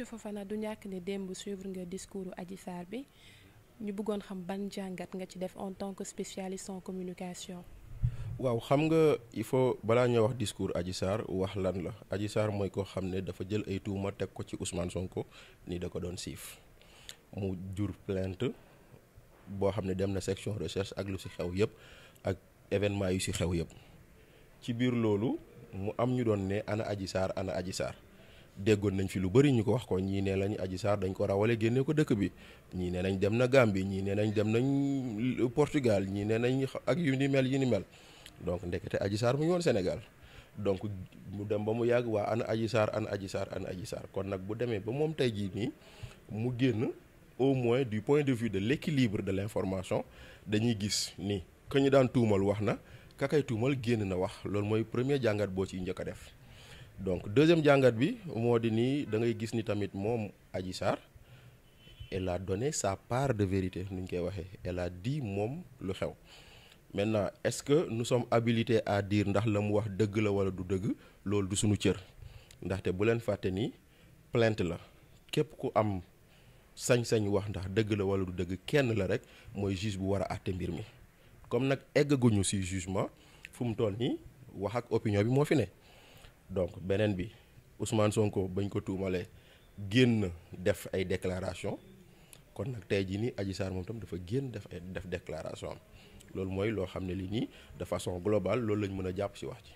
monsieur Fofana du ñàkk ni démb suivre nga discours Adji Sarr bi ñu bëggoon xam ban jàngat nga ci def en tant que spécialiste communication. waaw xam nga il faut balaa ñoo wax discours Adji Sarr wax lan la Adji Sarr mooy koo xam ne dafa jël ay tuuma teg ko ci son ko ni da ko doon siif mu jur plainte boo xam ne dem na section recherche ak lu si xew yëpp ak événement yu si xew yëpp ci biir loolu mu am ñu doon ne ana Adji Sarr ana Adji Sarr déggoon nañ fi lu bari ñu ko wax ko ñii nee lañ Adji Sarr dañ ko rawale génne ko dëkk bi ñii nee nañ dem na Gambie ñii nee nañ dem nañ Portugal ñii nee nañ ak yu ni mel yu ni mel donc ndekete Adji Sarr mu ngi woon Sénégal donc mu dem ba mu yàgg waa ana Adji Sarr ana Adji Sarr ana Adji Sarr kon nag bu demee ba moom tey jii nii mu génn au moins du point de vue de l'équilibre de l'information dañuy gis ni que ñu daan tuumal wax na kakay tuumal génn na wax loolu mooy premier jàngat boo ciy njëkk a def donc deuxième jàngat bi moo di nii da ngay gis ni tamit moom aji Sarr elle a donné sa part de vérité nu ñu koy waxee elle a dit moom lu xew maintenant est-ce que nous sommes habilités à dire ndax la mu wax dëgg la walla du dëgg loolu du suñu cër ndaxte bu leen fàtte ni plainte la képp ku am sañ-sañ wax ndax dëgg la walla du dëgg kenn la rek mooy juge bu war a àtte mbir mi comme nag eggaguñu ci jugement fu mu toll nii wax ak opinion bi moo fi ne. donc beneen bi Ousmane Sonko bañ ko tuumalee génn def ay déclaration kon nag tey jii ni Adji Sarr moom tam dafa génn def ay def déclaration am loolu mooy loo xam ne li nii de façon globale loolu lañ mën a jàpp si wax ci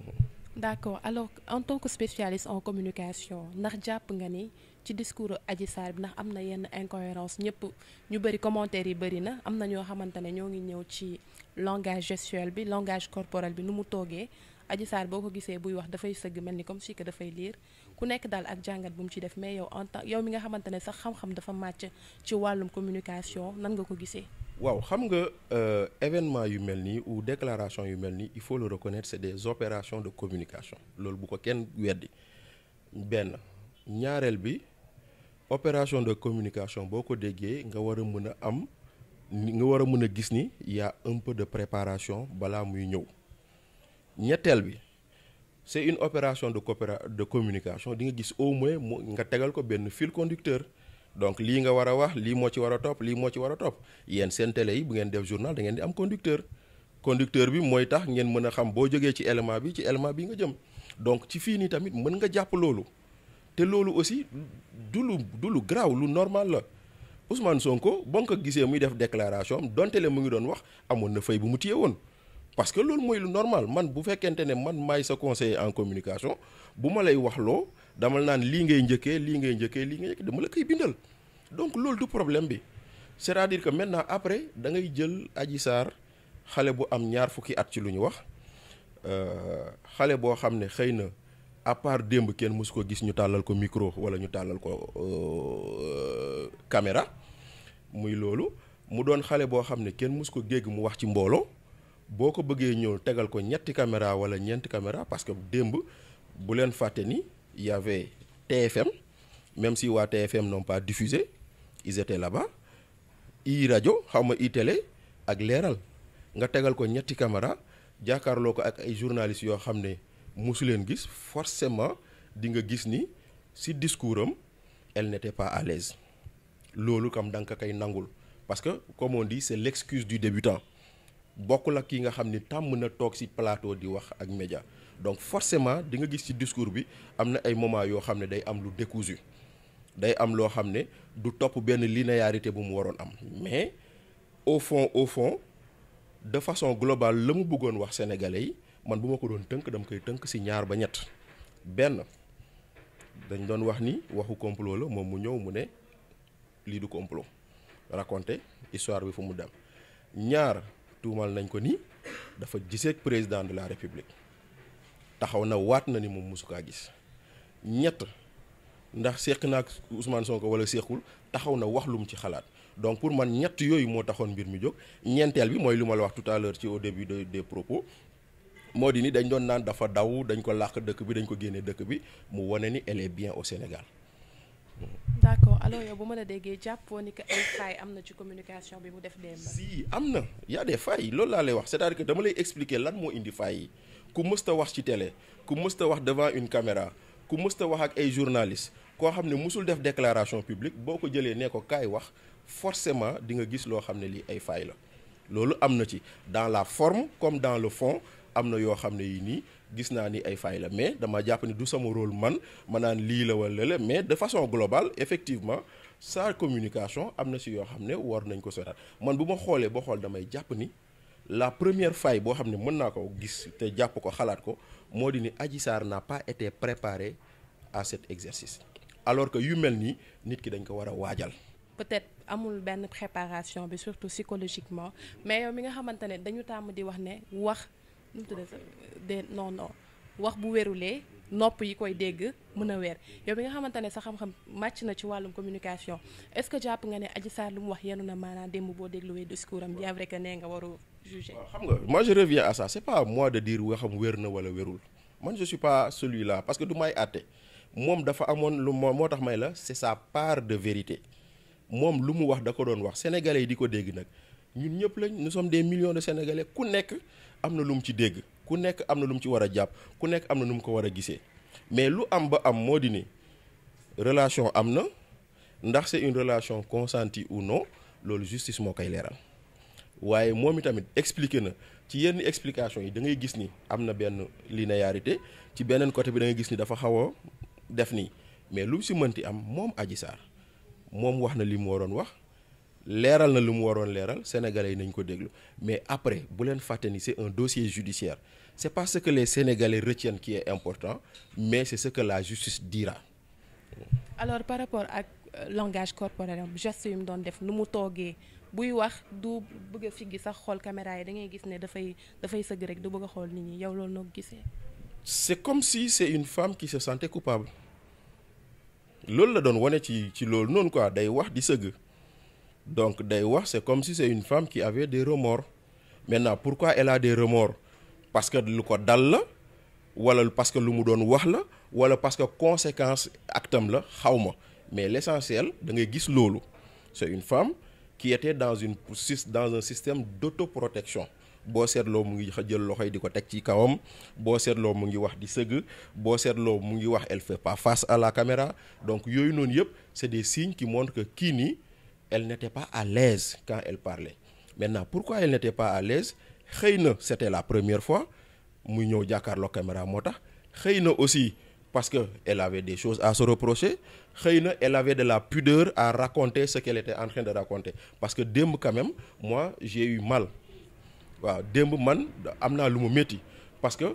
mhm. d'accord alors en tant que spécialiste en communication ndax jàpp nga ni ci discours Adji Sarr bi ndax am na yenn incohérence ñëpp ñu bëri commentaires yi bëri na am na ñoo xamante ne ñoo ngi ñëw ci langage gestuel bi langage corporel bi nu mu toogee Adji Sarr boo ko gisee buy wax dafay sëgg mel ni comme si que dafay liir ku nekk daal ak jàngat bu mu ci def mais yow en tant yow mi nga xamante ne sax xam-xam dafa màcc ci wàllum communication nan nga ko gisee. waaw xam nga euh, événement yu mel nii ou déclaration yu mel nii il faut le reconnaître c'est des opérations de communication loolu bu ko kenn weddi benn ñaareel bi opération de communication boo ko déggee nga war a mën a am nga war a mën a gis ni y a un de préparation balaa muy ñëw. ñetteel bi c'est une opération de coopéra de communication di nga gis au moins mu nga tegal ko benn fil conducteur donc lii nga war a wax lii moo ci war a topp lii moo ci war a topp yéen seen télé yi bu ngeen def journal da ngeen di am conducteur conducteur bi mooy tax ngeen mën a xam boo jógee ci élément bi ci élément bi nga jëm donc ci fii nii tamit mën nga jàpp loolu te loolu aussi du dulu du lu graaw lu normal la Ousmane Sonko boo ko gisee muy def déclaration am donte le mu ngi doon wax amoon na fay bu mu téye woon. parce que loolu mooy lu normal man bu fekkente ne man maay sa conseiller en communication bu ma lay wax loo dama naan lii ngay njëkkee lii ngay njëkkee lii ngay njëkkee dama la koy bindal donc loolu du problème bi c'est-à-dire que maintenant après da ngay jël Adji Sarr xale bu am ñaar fukki at ci lu ñu wax euh, xale boo xam ne xëy na à part démb kenn mosu ko gis ñu tàllal ko micro wala ñu tàllal ko euh, caméra muy loolu mu doon xale boo xam ne kenn mosu ko géeg mu wax ci mbooloo boo ko bëggee ñëw tegal ko ñetti caméra wala ñeenti caméra parce que démb bu leen fàtte ni y avait TFM même si waa TFM nompa pas diffusé ils étaient i rajo xaw ma i télé ak leeral nga tegal ko ñetti caméra jàkkaarloo ko ak ay journalistes yoo xam ne mosu leen gis forcément di nga gis ni si discours am elle n'était pas à l'aise loolu kam da nga ko koy nangul parce que comme on dit c'est l'excuse du débutant bokkul ak ki nga xam ni tàmm na toog ci palateau di wax ak média donc forcément di nga gis ci discours bi am na ay moment yoo xam ne day am lu décousu day am loo xam ne du topp benn linéarité bu mu waroon am mais au fond au fond de façon globale la mu bëggoon wax sénégalais yi man bu ma ko doon tënk dam koy tënk ci ñaar ba ñett benn dañ doon wax ni waxu complot la moom mu ñëw mu ne lii du complot raconter histoire bi fu mu dem ñaar tuumaal nañ ko ni dafa giseek président de la république taxaw na waat na ni moom mosu kaa gis ñett ndax seq naak Ousmane Sonko wala sequl taxaw na wax lu mu ci xalaat donc pour man ñett yooyu moo taxoon mbir mi jóg ñeenteel bi mooy lu ma la wax tout à ci au début de des propos moo di ni dañ doon naan dafa daw dañ ko làq dëkk bi dañ ko génne dëkk bi mu wane ni elle est bien au Sénégal d'accord alors yow bu ma la déggee jàppoo ni que ay failles am na ci communication bi mu def démb. si am na y a des loolu laa lay wax c'est-à-dire que dama lay expliquer lan moo indi fay yi ku mës wax ci télé ku mës wax devant une caméra ku mës wax ak ay journalistes koo xam ne mosul def déclaration publique boo ko jëlee nee ko kaay wax forcément di nga gis loo xam ne lii ay failles la loolu am na ci dans la forme comme dans le fond am na yoo xam ne yii nii. gis naa ni ay failles la mais dama jàpp ni du sama rôle man ma naan lii la wala la mais de façon globale effectivement sa communication am na si yoo xam ne war nañ ko sotaat man bu ma xoolee boo xool damay jàpp ni la première faille boo xam ne mën naa ko gis te jàpp ko xalaat ko moo di ni aji Sarr n'a pas été préparé à cet exercice alors que yu mel nii nit ki dañ ko war a waajal. peut-être amul benn préparation bi surtout psychologiquement mais yow mi nga xamante ne dañu tàmm di wax ne wax. nu de non non wax bu werulee nopp yi koy dégg mën a weer yow bi nga xamante ne sa xam-xam màcc na ci wàllum communication est-ce que jàpp nga ne Adji Sarr lu mu wax yenn na maanaam démb boo dégluwee discours am bien vrai que nee nga waru juger xam nga moi je reviens à ça c'est pas à moi de wér na wala wérul man je suis pas celui-là parce que du may àtte moom dafa amoon lu moo moo tax may la c'est ça part de vérité moom lu mu wax da ko doon wax sénégalais yi di ko dégg nag ñun ñëpp lañ nous sommes des millions de sénégalais ku nekk am na lu mu ci dégg ku nekk am na lu mu ci war a jàpp ku nekk am na lu mu ko war a gisee mais lu am ba am moo di ni relation am na ndax c'est une relation consentie ou non loolu justice moo koy leeral waaye moom itamit expliqué na ci yenn explication yi da ngay gis ni am na benn linéarité ci beneen côté bi da ngay gis ni dafa xaw a def nii mais lu mu si mënti am moom Adji Sarr moom wax na lii moo doon wax leeral na lu mu waroon leeral sénégalais yi nañ ko déglu mais après bu leen fàtte ni c'est un dossier judiciaire c'est pas ce que les sénégalais retiennent qui est important mais c'est ce que la justice dira. alors par rapport ak euh, langage corporel am geste yu doon def nu mu toogee buy wax du bëgg a figgi sax xool caméra yi da ngay gis ne dafay dafay sëgg rek du bëgg a xool nit ñi yow loolu noo gisee. c'est comme si c'est une femme qui se sentait coupable loolu la doon wane ci ci loolu noonu quoi day wax di sëgg. donc day wax c'est comme si c'est une femme qui avait des remords maintenant pourquoi elle a des remords parce que lu ko dal la wala parce que lu mu doon wax la wala parce que conséquence actam la xaw ma mais l'essentiel da ngay gis loolu c'est une femme qui était dans une dans un système d'autoprotection boo seetloo mu ngi jël loxo yi di ko teg ci kawam boo seetloo mu ngi wax di sëgg boo seetloo mu ngi wax elle fait pas face à la caméra donc yooyu noonu yëpp c'est des signes qui montrent kii nii elle n'était pas à l'aise quand elle parlait maintenant pourquoi elle n'était pas à l'aise xëy na c'était la première fois muy ñëw jàkkaarloo caméra moo tax xëy na aussi parce que elle des choses à se reprocher xëy na elle avait de la pudeur à raconter ce qu'elle était en de raconter parce que démb quand même moi j'ai eu mal waaw démb man am naa lu mu métti parce que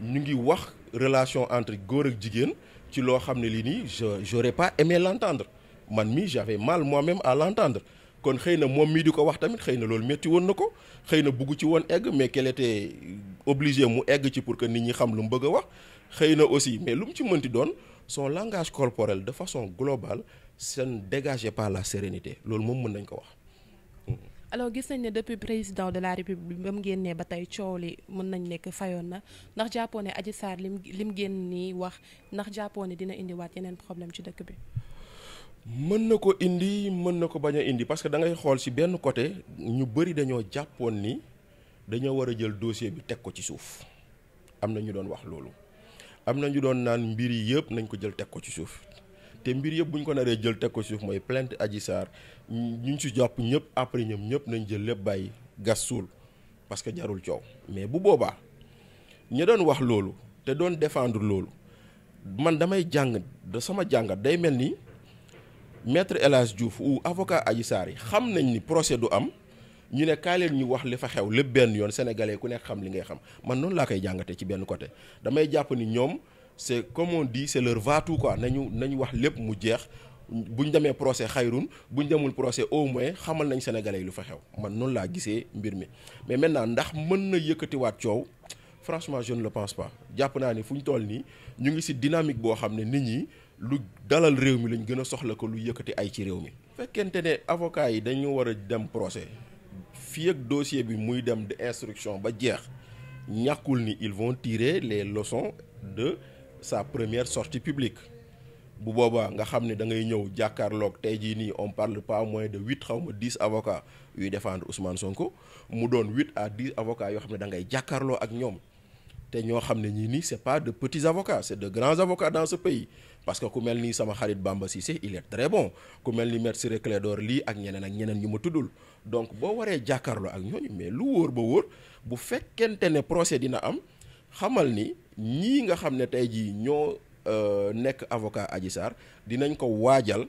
ñu ngi wax relation entre góor ak jigéen ci loo xam ne lii nii je j'aurais pas aimé l'entendre man mii j'avais mal moi-même à l'entendre kon xëy na moom mii di ko wax tamit xëy na loolu métti woon na ko xëy na bugg ci woon egg mais qu'elle était obligée mu egg ci pour que nit ñi xam lu mu bëgg a wax xëy na aussi mais lu mu ci mënti doon son langage corporel de façon globale seen ne dégageait pas la sérénité loolu moom mën nañ ko wax. alors gis nañ ne depuis président de la république ba mu génnee ba tey coow li mën nañ nekk fayoon na ndax jàppoo ne Adji Sarr lim lim génn nii wax ndax jàppoo ne dina indiwaat yeneen problème ci dëkk bi. mën na ko indi mën na ko bañ a indi parce que da ngay xool ci benn côté ñu bëri dañoo jàppoon ni dañoo war a jël dossier bi teg ko ci suuf am na ñu doon wax loolu am na ñu doon naan mbir yi yëpp nañ ko jël teg ko ci suuf te mbir yëpp bu ñu ko naree jël teg ko ci suuf mooy plainte Adji Sarr ñu ci jàpp ñëpp après ñoom ñëpp nañ jël lépp bàyyi gas suul parce que jarul coow mais bu boobaa ñu doon wax loolu te doon défendre loolu man damay jàng da sama jàngat day mel ni maître El Hadj Diouf ou avocat Adji yi xam nañ ni procès du am ñu ne kaay ñu wax li fa xew lépp benn yoon sénégalais ku nekk xam li ngay xam man noonu laa koy jàngatee ci benn côté damay jàpp ni ñoom c' est comme on dit c' est nañu nañu wax lépp mu jeex buñ demee procès xayrun buñ demul procès au moins xamal nañ sénégalais yi lu fa xew man noonu laa gisee mbir mi mais maintenant ndax mën na yëkkatiwaat coow franchement je ne le pense pas jàpp naa ni fu ñu toll nii ñu ngi si dynamique boo xam ne nit ñi. lu dalal réew mi lañ gën a soxla ko lu yëkkati ay ci réew mi. fekkente ne avocat yi dañu war a dem procès fii ak dossier bi muy dem de instruction ba jeex ñàkkul ni il vont tirer les leçons de sa première sortie publique bu boobaa nga xam ne da ngay ñëw jàkkaarloog tey jii nii on parle pas moins de huit xaw ma dix avocats yuy défendre Ousmane Sonko mu doon huit à dix avocats yoo xam ne da ngay jàkkaarloo ak ñoom te ñoo xam ne ñii nii c'est pas de petits avocats c'est de grands avocats dans ce pays. parce que ku mel nii sama xarit Bamba Cissé il est très bon ku mel ni maître Ciré door lii ak ñeneen ak ñeneen ñu ma tuddul donc boo waree jàkkaarloo ak ñooñu mais lu wóor ba wóor bu fekkente ne procès dina am xamal ni ñii nga xam ne tey jii ñoo euh, nekk avocat Adji Sarr dinañ ko waajal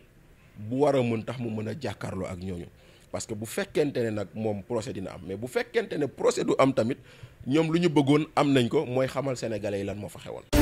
bu war mën tax mu mën a jàkkaarloo ak ñooñu parce que bu fekkente ne nag moom procès dina am mais bu fekkente ne procès du am tamit ñoom lu ñu bëggoon am nañ ko mooy xamal sénégalais yi lan moo fa xewoon.